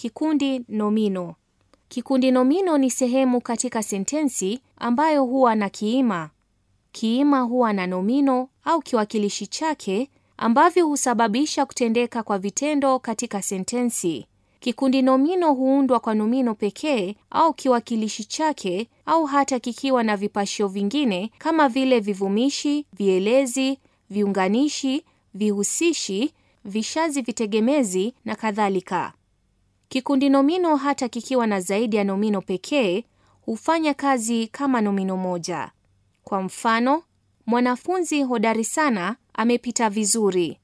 Kikundi nomino. Kikundi nomino ni sehemu katika sentensi ambayo huwa na kiima. Kiima huwa na nomino au kiwakilishi chake ambavyo husababisha kutendeka kwa vitendo katika sentensi. Kikundi nomino huundwa kwa nomino pekee au kiwakilishi chake au hata kikiwa na vipashio vingine kama vile vivumishi, vielezi, viunganishi, vihusishi, vishazi vitegemezi na kadhalika. Kikundi nomino hata kikiwa na zaidi ya nomino pekee hufanya kazi kama nomino moja. Kwa mfano, mwanafunzi hodari sana amepita vizuri.